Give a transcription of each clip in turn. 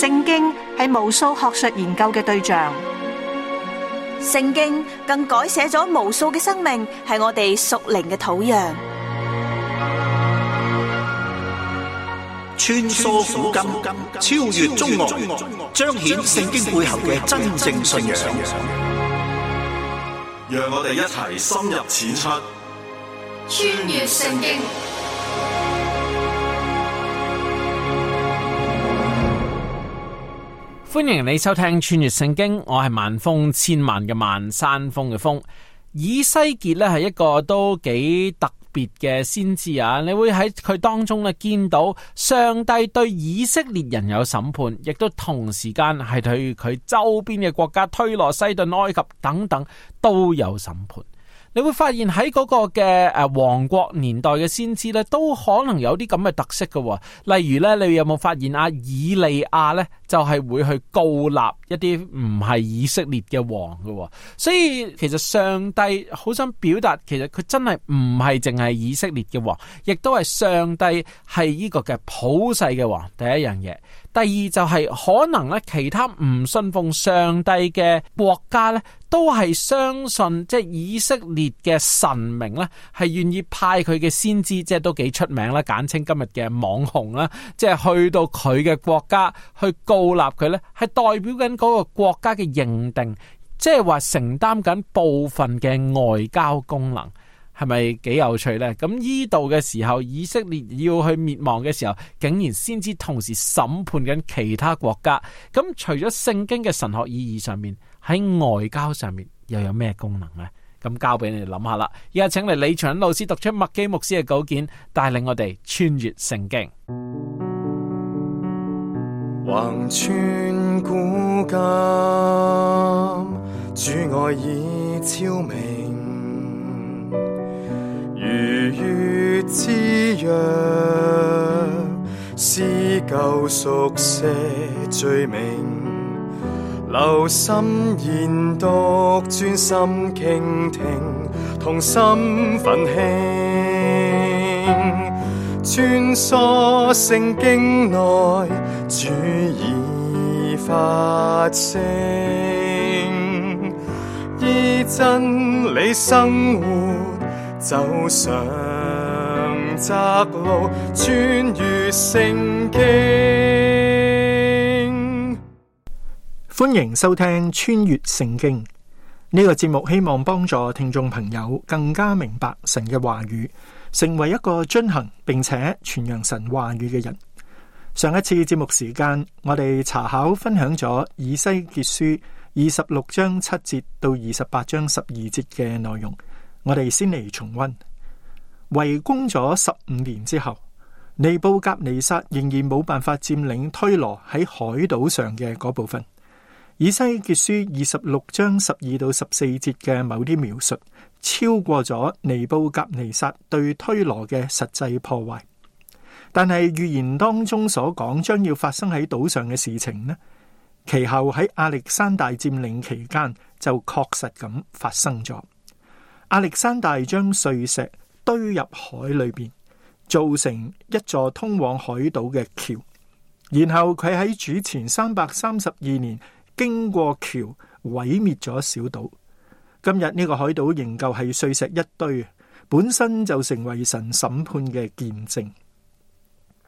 聖經係無數學術研究嘅對象，聖經更改寫咗無數嘅生命，係我哋屬靈嘅土壤。穿梭古今，超越中國，彰顯聖經背後嘅真正信仰。讓我哋一齊深入淺出，穿越聖經。歡迎你收聽穿越聖經，我係萬峰，千萬嘅萬，山峰嘅峰。以西結咧係一個都幾特別嘅先知啊，你會喺佢當中咧見到上帝對以色列人有審判，亦都同時間係對佢周邊嘅國家推羅、西頓、埃及等等都有審判。你會發現喺嗰個嘅誒王國年代嘅先知呢，都可能有啲咁嘅特色噶，哦。例如呢，你有冇發現阿、啊、以利亞呢？就係、是、會去膏立一啲唔係以色列嘅王噶，哦？所以其實上帝好想表達，其實佢真係唔係淨係以色列嘅王，亦都係上帝係呢個嘅普世嘅王。第一樣嘢，第二就係可能呢，其他唔信奉上帝嘅國家呢。都係相信即係以色列嘅神明咧，係願意派佢嘅先知，即係都幾出名啦，簡稱今日嘅網紅啦，即係去到佢嘅國家去告納佢咧，係代表緊嗰個國家嘅認定，即係話承擔緊部分嘅外交功能。係咪幾有趣呢？咁呢度嘅時候，以色列要去滅亡嘅時候，竟然先知同時審判緊其他國家。咁除咗聖經嘅神學意義上面，喺外交上面又有咩功能呢？咁交俾你哋諗下啦。而家請嚟李長老師讀出麥基牧師嘅稿件，帶領我哋穿越聖經。橫穿古今，主愛已昭明。如月之約，思舊熟識罪名，留心研讀，專心傾聽，同心奮興，穿梭聖經內，主已發聲，依真理生活。走上窄路，穿越聖經。歡迎收聽《穿越聖經》呢個節目，希望幫助聽眾朋友更加明白神嘅話語，成為一個遵行並且傳揚神話語嘅人。上一次節目時間，我哋查考分享咗以西結書二十六章七節到二十八章十二節嘅內容。我哋先嚟重溫圍攻咗十五年之後，尼布甲尼撒仍然冇辦法佔領推羅喺海島上嘅嗰部分。以西結書二十六章十二到十四節嘅某啲描述，超過咗尼布甲尼撒對推羅嘅實際破壞。但係預言當中所講將要發生喺島上嘅事情呢，其後喺亞歷山大佔領期間就確實咁發生咗。亞歷山大將碎石堆入海裏邊，造成一座通往海島嘅橋。然後佢喺主前三百三十二年經過橋，毀滅咗小島。今日呢個海島仍舊係碎石一堆，本身就成為神審判嘅見證。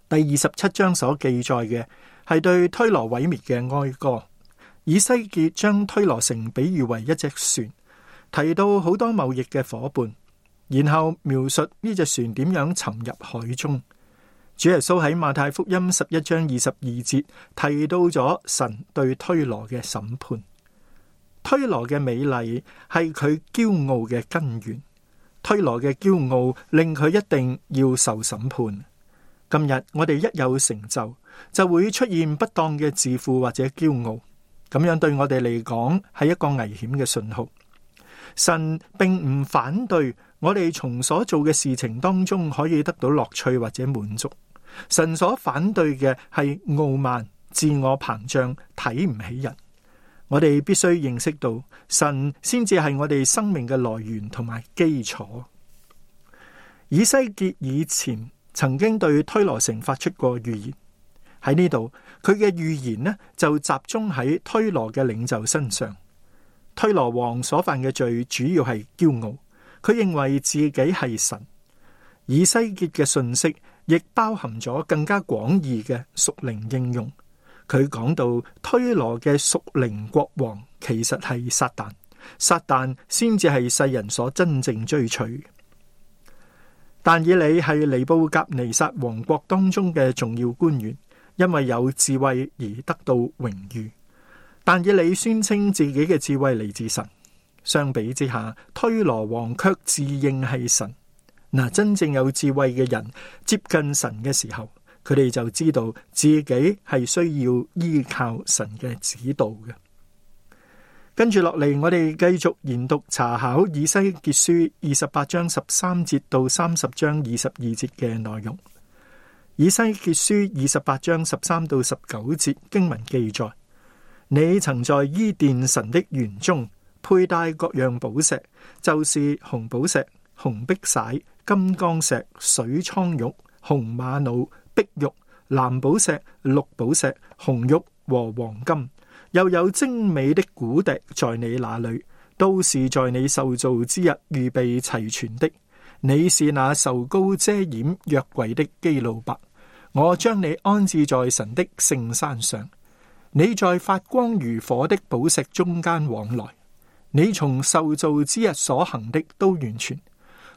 第二十七章所記載嘅係對推羅毀滅嘅哀歌。以西結將推羅城比喻為一隻船。提到好多貿易嘅伙伴，然後描述呢隻船點樣沉入海中。主耶穌喺馬太福音十一章二十二節提到咗神對推羅嘅審判。推羅嘅美麗係佢驕傲嘅根源，推羅嘅驕傲令佢一定要受審判。今日我哋一有成就，就會出現不當嘅自負或者驕傲，咁樣對我哋嚟講係一個危險嘅信號。神並唔反對我哋從所做嘅事情當中可以得到樂趣或者滿足。神所反對嘅係傲慢、自我膨脹、睇唔起人。我哋必須認識到，神先至係我哋生命嘅來源同埋基礎。以西結以前曾經對推羅城發出過預言，喺呢度佢嘅預言呢就集中喺推羅嘅領袖身上。推羅王所犯嘅罪主要係驕傲，佢認為自己係神。以西結嘅信息亦包含咗更加廣義嘅屬靈應用。佢講到推羅嘅屬靈國王其實係撒旦，撒旦先至係世人所真正追隨。但以理係尼布甲尼撒王國當中嘅重要官員，因為有智慧而得到榮譽。但以理宣稱自己嘅智慧嚟自神，相比之下，推羅王卻自認係神。嗱，真正有智慧嘅人接近神嘅時候，佢哋就知道自己係需要依靠神嘅指導嘅。跟住落嚟，我哋繼續研讀查考以西結書二十八章十三節到三十章二十二節嘅內容。以西結書二十八章十三到十九節經文記載。你曾在伊甸神的園中佩戴各樣寶石，就是紅寶石、紅碧璽、金剛石、水蒼玉、紅瑪瑙、碧玉、藍寶石、綠寶石、紅玉和黃金，又有精美的鼓笛在你那裏，都是在你受造之日預備齊全的。你是那受膏遮掩、約櫃的基路伯，我將你安置在神的聖山上。你在發光如火的寶石中間往來，你從受造之日所行的都完全。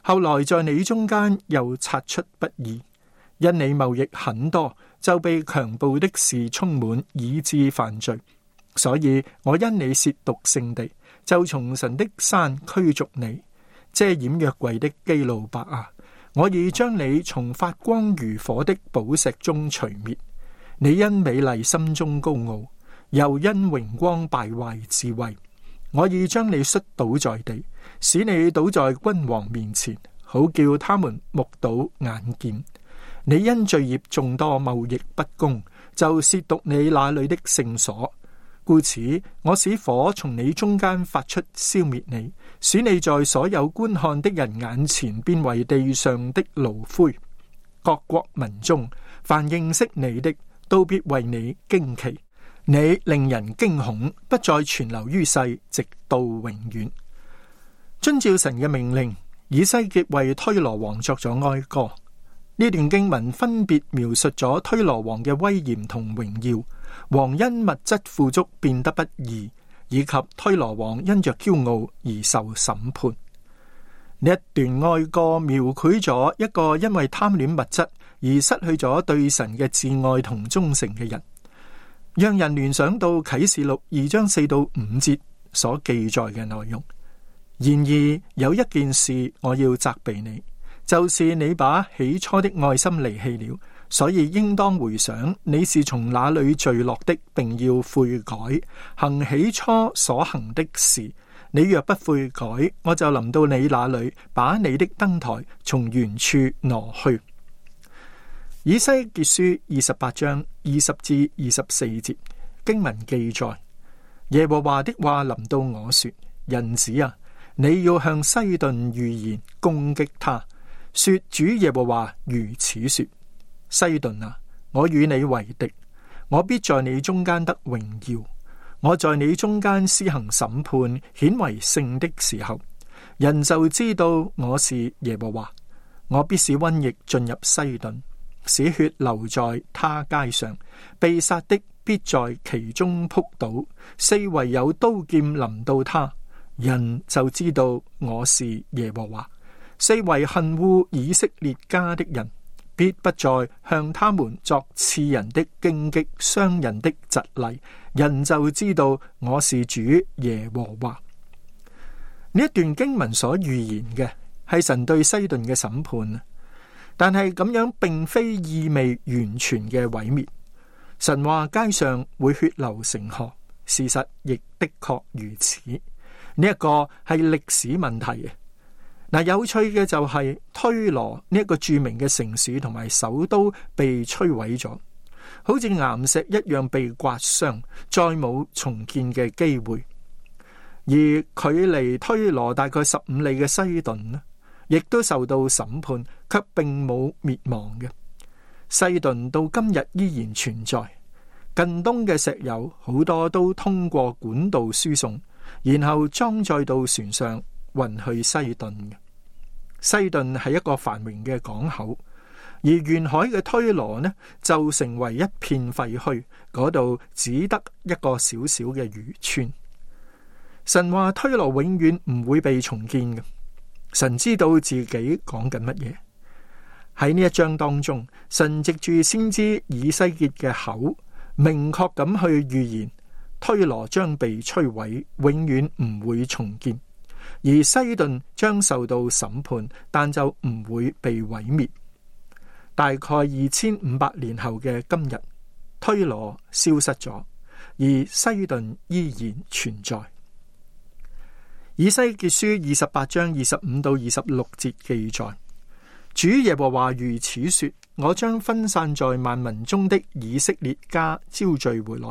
後來在你中間又察出不義，因你貿易很多，就被強暴的事充滿，以致犯罪。所以我因你褻瀆聖地，就從神的山驅逐你，遮掩約櫃的基路伯啊，我已將你從發光如火的寶石中除滅。你因美麗，心中高傲，又因榮光敗壞智慧。我已將你摔倒在地，使你倒在君王面前，好叫他們目睹眼見。你因罪孽眾多，貿易不公，就褻瀆你那裏的聖所，故此我使火從你中間發出，消滅你，使你在所有觀看的人眼前變為地上的爐灰。各國民眾凡認識你的，都必為你驚奇，你令人驚恐，不再存留於世，直到永遠。遵照神嘅命令，以西結為推羅王作咗哀歌。呢段經文分別描述咗推羅王嘅威嚴同榮耀，王因物質富足變得不義，以及推羅王因着驕傲而受審判。呢一段哀歌描繪咗一個因為貪戀物質。而失去咗對神嘅摯愛同忠誠嘅人，讓人聯想到啟示錄二章四到五節所記載嘅內容。然而有一件事我要責備你，就是你把起初的愛心離棄了。所以應當回想你是從哪裡墜落的，並要悔改，行起初所行的事。你若不悔改，我就臨到你那裡，把你的燈台從原處挪去。以西結書二十八章二十至二十四節經文記載：耶和華的話臨到我說，人子啊，你要向西頓預言攻擊他，說主耶和華如此說：西頓啊，我與你為敵，我必在你中間得榮耀。我在你中間施行審判，顯為聖的時候，人就知道我是耶和華。我必使瘟疫進入西頓。使血流在他街上，被殺的必在其中仆倒。四圍有刀劍臨到他，人就知道我是耶和華。四圍恨惡以色列家的人，必不再向他們作刺人的荊棘、傷人的蒺藜，人就知道我是主耶和華。呢一段經文所預言嘅，係神對西頓嘅審判。但係咁樣，並非意味完全嘅毀滅。神話街上會血流成河，事實亦的確如此。呢、這、一個係歷史問題。嗱，有趣嘅就係、是、推羅呢一個著名嘅城市同埋首都被摧毀咗，好似岩石一樣被刮傷，再冇重建嘅機會。而距離推羅大概十五里嘅西頓呢？亦都受到審判，卻並冇滅亡嘅西頓到今日依然存在。近東嘅石油好多都通過管道輸送，然後裝載到船上運去西頓。西頓係一個繁榮嘅港口，而沿海嘅推羅呢就成為一片廢墟，嗰度只得一個小小嘅漁村。神話推羅永遠唔會被重建嘅。神知道自己講緊乜嘢。喺呢一章當中，神藉住先知以西結嘅口，明確咁去預言，推羅將被摧毀，永遠唔會重建；而西頓將受到審判，但就唔會被毀滅。大概二千五百年後嘅今日，推羅消失咗，而西頓依然存在。以西結書二十八章二十五到二十六節記載：主耶和華如此說，我將分散在萬民中的以色列家招聚回來，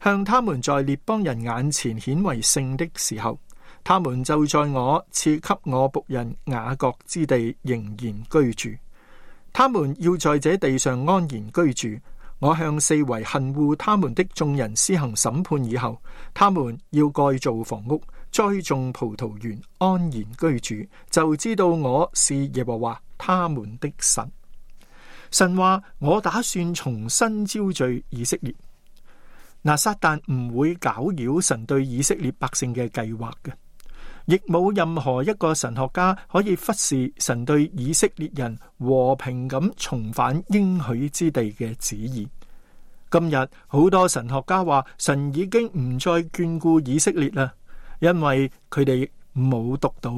向他們在列邦人眼前顯為聖的時候，他們就在我賜給我僕人雅各之地仍然居住。他們要在這地上安然居住。我向四圍恨惡他們的眾人施行審判以後，他們要蓋造房屋。栽種葡萄園，安然居住，就知道我是耶和華他們的神。神話我打算重新招聚以色列。那撒旦唔會攪擾神對以色列百姓嘅計劃嘅，亦冇任何一個神學家可以忽視神對以色列人和平咁重返應許之地嘅旨意。今日好多神學家話，神已經唔再眷顧以色列啦。因為佢哋冇讀到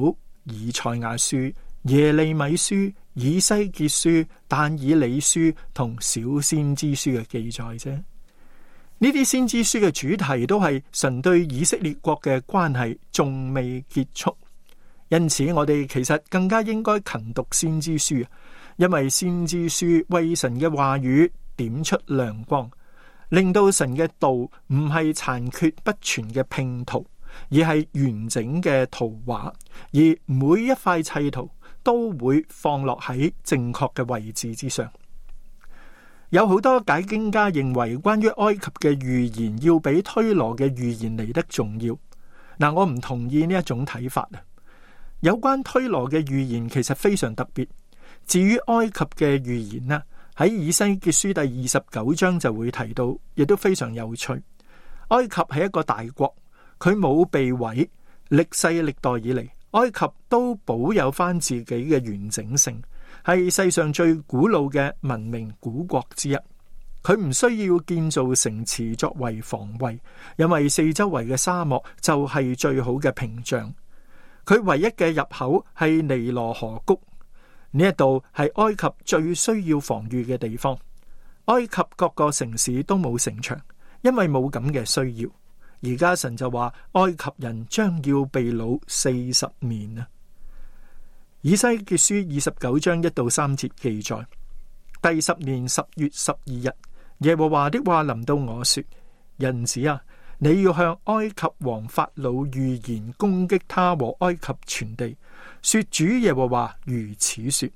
以賽亞書、耶利米書、以西結書、但以理書同小先知書嘅記載啫。呢啲先知書嘅主題都係神對以色列國嘅關係仲未結束，因此我哋其實更加應該勤讀先知書，因為先知書為神嘅話語點出亮光，令到神嘅道唔係殘缺不全嘅拼圖。而係完整嘅圖畫，而每一塊砌圖都會放落喺正確嘅位置之上。有好多解經家認為，關於埃及嘅預言要比推羅嘅預言嚟得重要。嗱，我唔同意呢一種睇法啊。有關推羅嘅預言其實非常特別。至於埃及嘅預言呢，喺以西結書第二十九章就會提到，亦都非常有趣。埃及係一個大國。佢冇被毀，歷世歷代以嚟，埃及都保有翻自己嘅完整性，係世上最古老嘅文明古國之一。佢唔需要建造城池作為防衛，因為四周圍嘅沙漠就係最好嘅屏障。佢唯一嘅入口係尼羅河谷，呢一度係埃及最需要防禦嘅地方。埃及各個城市都冇城牆，因為冇咁嘅需要。而家神就話埃及人將要被擄四十年啊。以西結書二十九章一到三節記載：第十年十月十二日，耶和華的話臨到我說：人子啊，你要向埃及王法老預言攻擊他和埃及全地，說主耶和華如此說：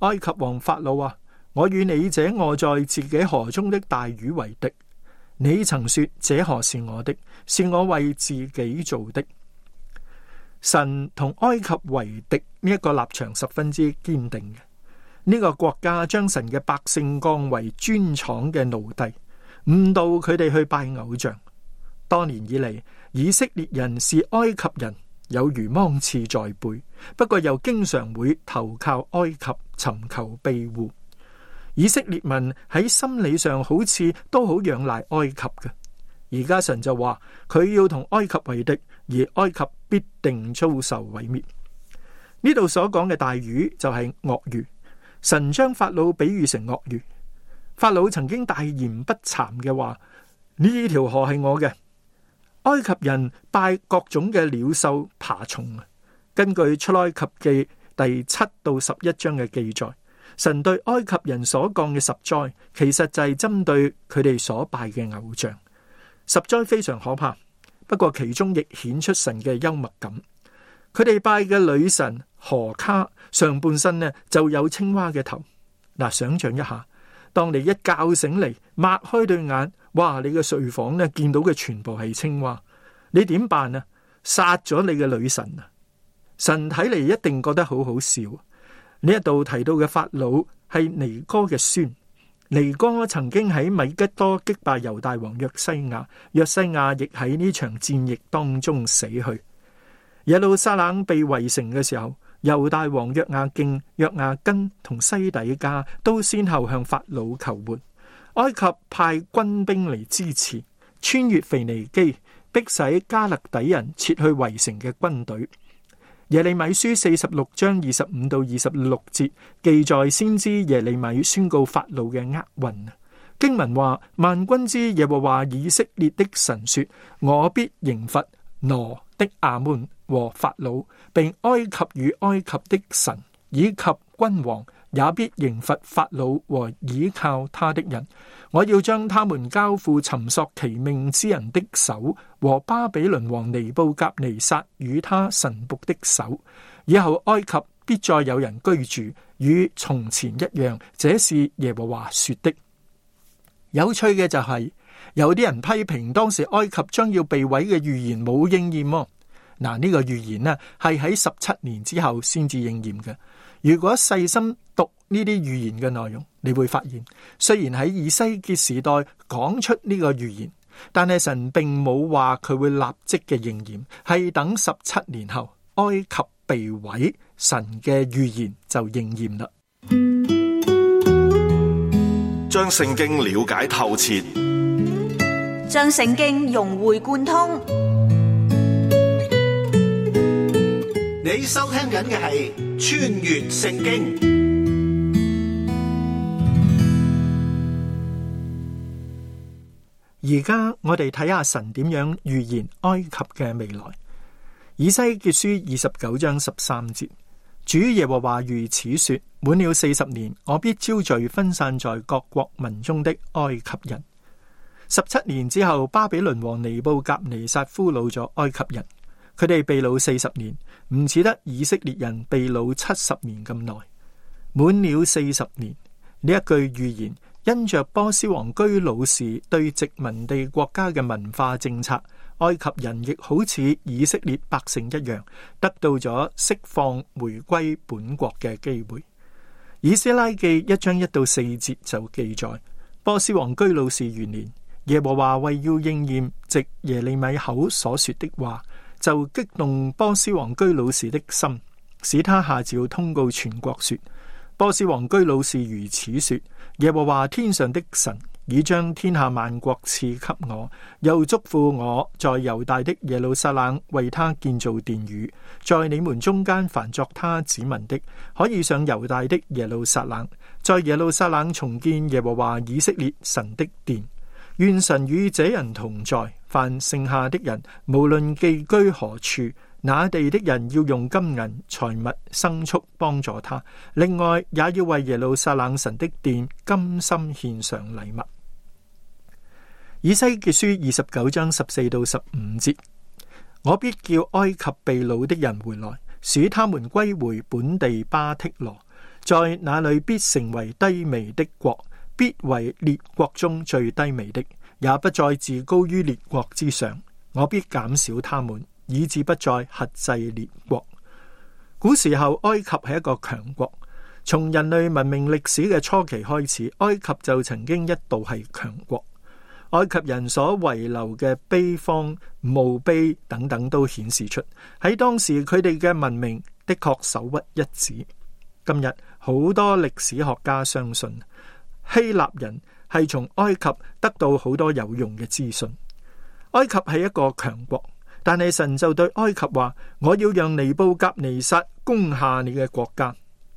埃及王法老啊，我與你這卧在自己河中的大魚為敵。你曾說這河是我的，是我為自己做的。神同埃及為敵，呢一個立場十分之堅定嘅。呢個國家，將神嘅百姓降為磚廠嘅奴隸，誤導佢哋去拜偶像。多年以嚟，以色列人是埃及人，有如芒刺在背，不過又經常會投靠埃及尋求庇護。以色列民喺心理上好似都好仰賴埃及嘅，而家神就話佢要同埃及為敵，而埃及必定遭受毀滅。呢度所講嘅大魚就係鱷魚，神將法老比喻成鱷魚。法老曾經大言不慚嘅話：呢條河係我嘅。埃及人拜各種嘅鳥獸爬蟲。根據出埃及記第七到十一章嘅記載。神對埃及人所降嘅十災，其實就係針對佢哋所拜嘅偶像。十災非常可怕，不過其中亦顯出神嘅幽默感。佢哋拜嘅女神荷卡，上半身呢就有青蛙嘅頭。嗱、呃，想象一下，當你一覺醒嚟，擘開對眼，哇！你嘅睡房呢見到嘅全部係青蛙，你點辦啊？殺咗你嘅女神啊！神睇嚟一定覺得好好笑。呢一度提到嘅法老係尼哥嘅孫，尼哥曾經喺米吉多擊敗猶大王約西亞，約西亞亦喺呢場戰役當中死去。耶路撒冷被圍城嘅時候，猶大王約亞敬、約亞根同西底家都先後向法老求援，埃及派軍兵嚟支持，穿越腓尼基，逼使加勒底人撤去圍城嘅軍隊。耶利米書四十六章二十五到二十六節記載先知耶利米宣告法老嘅厄運。經文話：萬軍之耶和華以色列的神說，我必刑罰挪的亞捫和法老，並埃及與埃及的神以及君王，也必刑罰法老和倚靠他的人。我要將他們交付尋索其命之人的手，和巴比倫王尼布甲尼撒，尼撒與他臣僕的手。以後埃及必再有人居住，與從前一樣。這是耶和華說的。有趣嘅就係、是，有啲人批評當時埃及將要被毀嘅預言冇應驗、哦。嗱，呢個預言呢係喺十七年之後先至應驗嘅。如果細心讀呢啲預言嘅內容，你會發現，雖然喺以西結時代講出呢個預言，但係神並冇話佢會立即嘅應驗，係等十七年後埃及被毀，神嘅預言就應驗啦。將聖經了解透徹，將聖經融會貫通，你收聽緊嘅係。穿越聖經，而家我哋睇下神點樣預言埃及嘅未來。以西結書二十九章十三節，主耶和華如此說：滿了四十年，我必招聚分散在各國民中的埃及人。十七年之後，巴比倫王尼布甲尼撒俘虜咗埃及人。佢哋被擄四十年，唔似得以色列人被擄七十年咁耐。滿了四十年，呢一句預言，因着波斯王居魯士對殖民地國家嘅文化政策，埃及人亦好似以色列百姓一樣得到咗釋放，回歸本國嘅機會。《以斯拉記》一章一到四節就記載：波斯王居魯士元年，耶和華為要應驗藉耶利米口所說的話。就激動波斯王居魯士的心，使他下詔通告全國說：波斯王居魯士如此說，耶和華天上的神已將天下萬國賜給我，又囑咐我在猶大的耶路撒冷為他建造殿宇，在你們中間凡作他子民的，可以上猶大的耶路撒冷，在耶路撒冷重建耶和華以色列神的殿。願神與這人同在，凡剩下的人，無論寄居何處，那地的人要用金銀財物、牲畜幫助他。另外，也要為耶路撒冷神的殿甘心獻上禮物。以西結書二十九章十四到十五節：我必叫埃及被擄的人回來，使他們歸回本地巴剔羅，在那裏必成為低微的國。必為列國中最低微的，也不再自高於列國之上。我必減少他們，以致不再轄制列國。古時候埃及係一個強國，從人類文明歷史嘅初期開始，埃及就曾經一度係強國。埃及人所遺留嘅碑方、墓碑等等，都顯示出喺當時佢哋嘅文明的確首屈一指。今日好多歷史學家相信。希臘人係從埃及得到好多有用嘅資訊。埃及係一個強國，但係神就對埃及話：我要讓尼布甲尼撒攻下你嘅國家，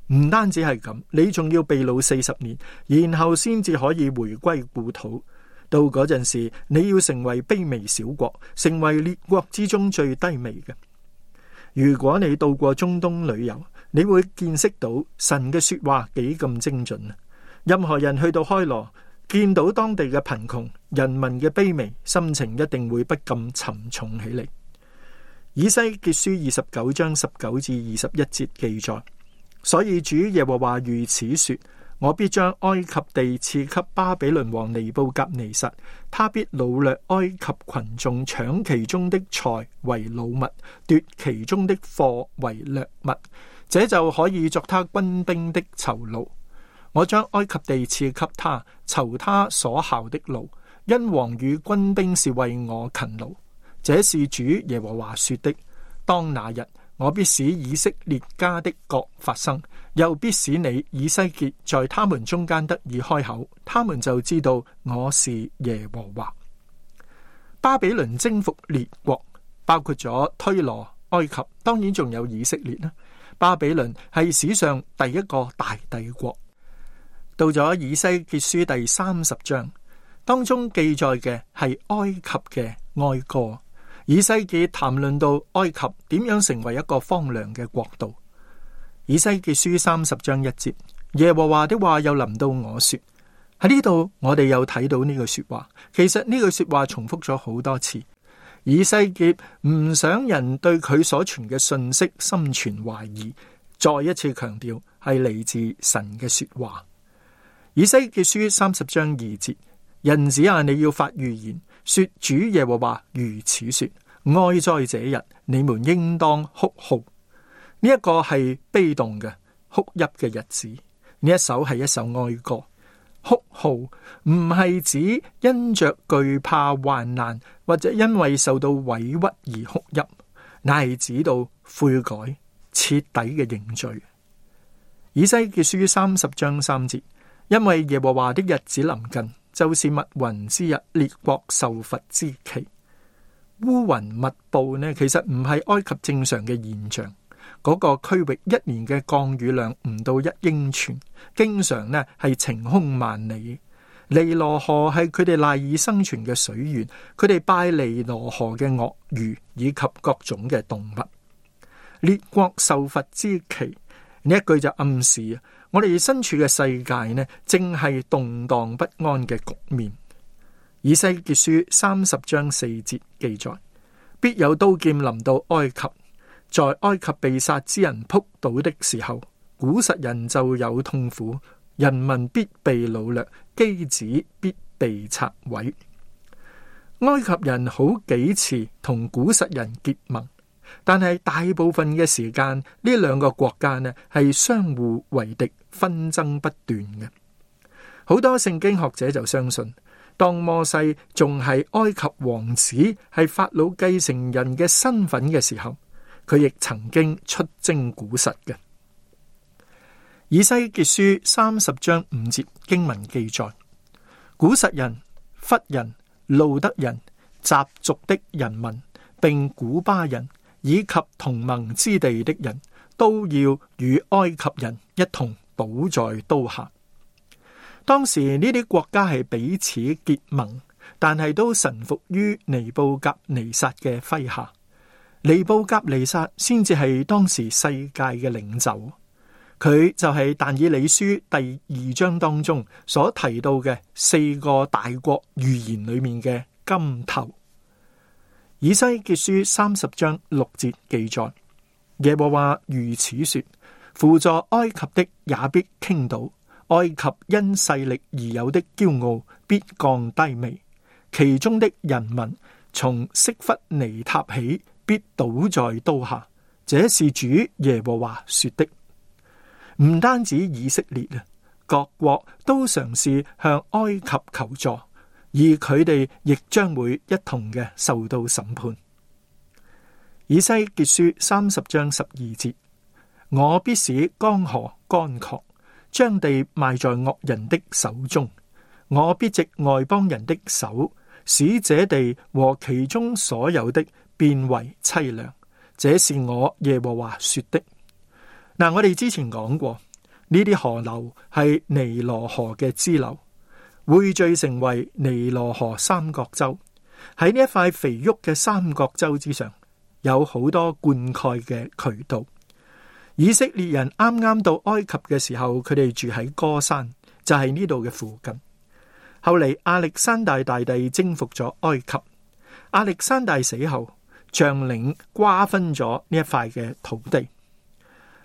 唔單止係咁，你仲要被擄四十年，然後先至可以回歸故土。到嗰陣時，你要成為卑微小國，成為列國之中最低微嘅。如果你到過中東旅遊，你會見識到神嘅說話幾咁精準啊！任何人去到開羅，見到當地嘅貧窮人民嘅卑微，心情一定會不禁沉重起嚟。以西結書二十九章十九至二十一節記載所以主耶和華如此說，我必將埃及地賜給巴比倫王尼布甲尼撒，他必擄掠埃及群眾，搶其中的財為擄物，奪其中的貨為掠物，這就可以作他軍兵的酬勞。我將埃及地賜給他，酬他所效的勞，因王與軍兵是為我勤勞。這是主耶和華說的。當那日，我必使以色列家的國發生，又必使你以西結在他們中間得以開口，他們就知道我是耶和華。巴比倫征服列國，包括咗推羅、埃及，當然仲有以色列啦。巴比倫係史上第一個大帝國。到咗以西結書第三十章當中記載嘅係埃及嘅哀歌。以西結談論到埃及點樣成為一個荒涼嘅國度。以西結書三十章一節，耶和華的話又臨到我說。喺呢度，我哋又睇到呢句說話。其實呢句說話重複咗好多次。以西結唔想人對佢所傳嘅信息心存懷疑，再一次強調係嚟自神嘅說話。以西結書三十章二節，人子啊，你要發預言，說主耶和華如此說：哀哉者，這日你們應當哭號。呢、這、一個係悲動嘅哭泣嘅日子。呢一首係一首哀歌，哭號唔係指因着懼怕患難或者因為受到委屈而哭泣，乃係指到悔改徹底嘅認罪。以西結書三十章三節。因為耶和華的日子臨近，就是密雲之日、列國受罰之期。烏雲密布呢，其實唔係埃及正常嘅現象。嗰個區域一年嘅降雨量唔到一英寸，經常呢係晴空萬里。尼羅河係佢哋賴以生存嘅水源，佢哋拜尼羅河嘅鱷魚以及各種嘅動物。列國受罰之期呢一句就暗示我哋身處嘅世界呢，正係動盪不安嘅局面。以西結書三十章四節記載：必有刀劍臨到埃及，在埃及被殺之人撲倒的時候，古實人就有痛苦，人民必被擄掠，基址必被拆毀。埃及人好幾次同古實人結盟。但係大部分嘅時間，呢兩個國家呢係相互為敵，紛爭不斷嘅。好多聖經學者就相信，當摩西仲係埃及王子，係法老繼承人嘅身份嘅時候，佢亦曾經出征古實嘅。以西結書三十章五節經文記載：古實人、弗人、路德人、雜族的人民，並古巴人。以及同盟之地的人都要與埃及人一同倒在刀下。當時呢啲國家係彼此結盟，但係都臣服於尼布甲尼撒嘅麾下。尼布甲尼撒先至係當時世界嘅領袖，佢就係但以理書第二章當中所提到嘅四個大國預言裏面嘅金頭。以西結書三十章六節記載：耶和華如此說，輔助埃及的也必傾倒；埃及因勢力而有的驕傲必降低微。其中的人民從色弗尼塔起，必倒在刀下。這是主耶和華說的。唔單止以色列，各國都嘗試向埃及求助。而佢哋亦將會一同嘅受到審判。以西結書三十章十二節：我必使江河乾涸，將地賣在惡人的手中；我必藉外邦人的手，使這地和其中所有的變為淒涼。這是我耶和華說的。嗱，我哋之前講過，呢啲河流係尼羅河嘅支流。匯聚成為尼羅河三角洲。喺呢一塊肥沃嘅三角洲之上，有好多灌溉嘅渠道。以色列人啱啱到埃及嘅時候，佢哋住喺歌山，就係呢度嘅附近。後嚟亞歷山大大帝征服咗埃及。亞歷山大死後，將領瓜分咗呢一塊嘅土地。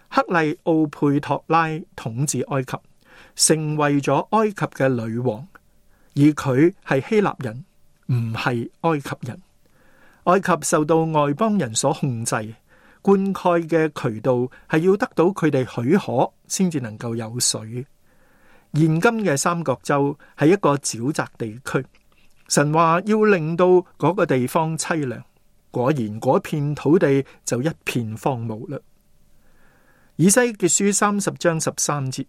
克利奧佩托拉統治埃及，成為咗埃及嘅女王。.而佢係希臘人，唔係埃及人。埃及受到外邦人所控制，灌溉嘅渠道係要得到佢哋許可先至能夠有水。現今嘅三角洲係一個沼澤地區，神話要令到嗰個地方淒涼，果然嗰片土地就一片荒蕪嘞。以西結書三十章十三節。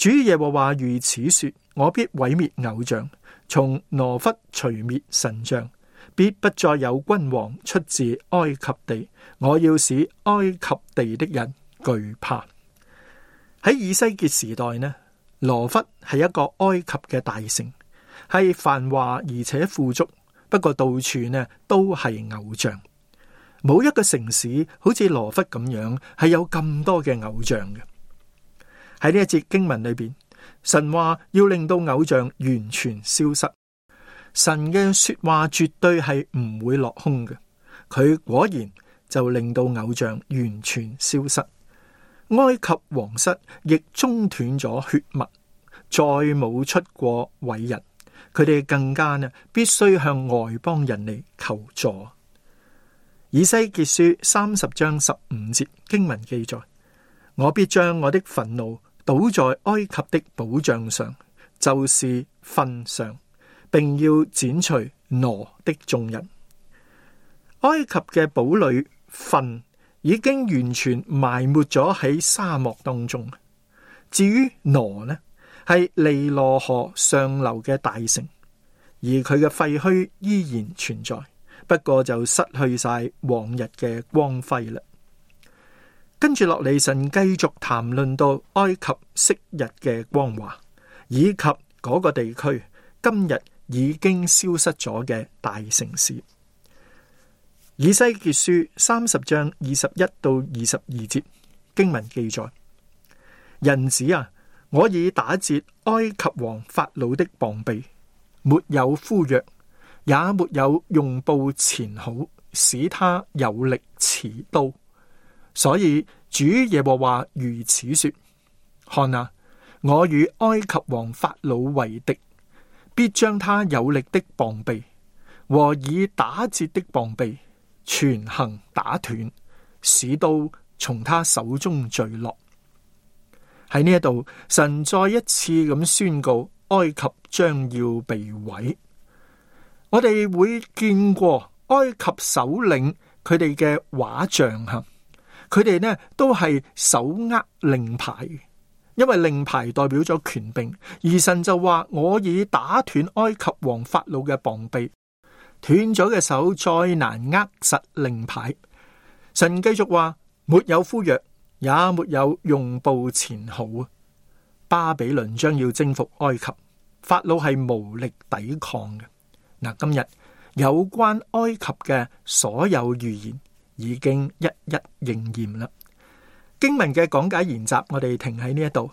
主耶和華如此說：我必毀滅偶像，從挪弗除滅神像，必不再有君王出自埃及地。我要使埃及地的人懼怕。喺以西結時代呢，挪弗係一個埃及嘅大城，係繁華而且富足，不過到處呢都係偶像，冇一個城市好似挪弗咁樣係有咁多嘅偶像嘅。喺呢一節經文裏邊，神話要令到偶像完全消失。神嘅說話，話絕對係唔會落空嘅，佢果然就令到偶像完全消失。埃及王室亦中斷咗血脈，再冇出過偉人。佢哋更加呢，必須向外邦人嚟求助。以西結書三十章十五節經文記載：我必將我的憤怒。倒在埃及的保障上，就是份上，並要剪除挪的眾人。埃及嘅堡壘份已經完全埋沒咗喺沙漠當中。至於挪呢，係尼羅河上流嘅大城，而佢嘅廢墟依然存在，不過就失去晒往日嘅光輝啦。跟住落嚟，神繼續談論到埃及昔日嘅光華，以及嗰個地區今日已經消失咗嘅大城市。以西結書三十章二十一到二十二節經文記載：人子啊，我已打折埃及王法老的膀臂，沒有敷藥，也沒有用布纏好，使他有力持刀。所以主耶和華如此說：看啊，我與埃及王法老為敵，必將他有力的膀臂和以打折的膀臂全行打斷，使刀從他手中墜落。喺呢一度，神再一次咁宣告埃及將要被毀。我哋會見過埃及首領佢哋嘅畫像吓。佢哋呢都係手握令牌，因為令牌代表咗權柄。而神就話：我已打斷埃及王法老嘅膀臂，斷咗嘅手再難握實令牌。神繼續話：沒有敷藥，也沒有用布纏好啊！巴比倫將要征服埃及，法老係無力抵抗嘅。嗱，今日有關埃及嘅所有預言，已經一一應驗啦。經文嘅講解研習，我哋停喺呢一度。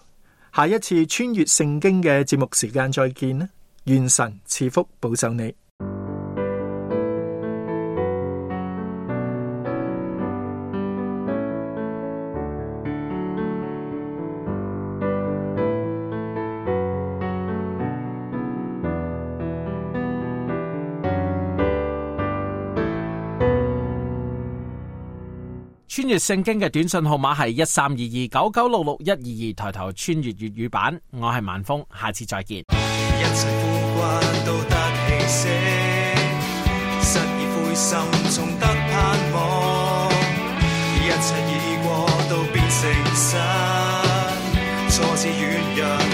下一次穿越聖經嘅節目時間再見啦。願神賜福保佑你。聖經嘅短訊號碼係一三二二九九六六一二二，抬頭穿越粵語版，我係萬峰，下次再見。一切苦瓜都得氣息，失意灰心重得盼望，一切已過都變成實，錯是軟弱。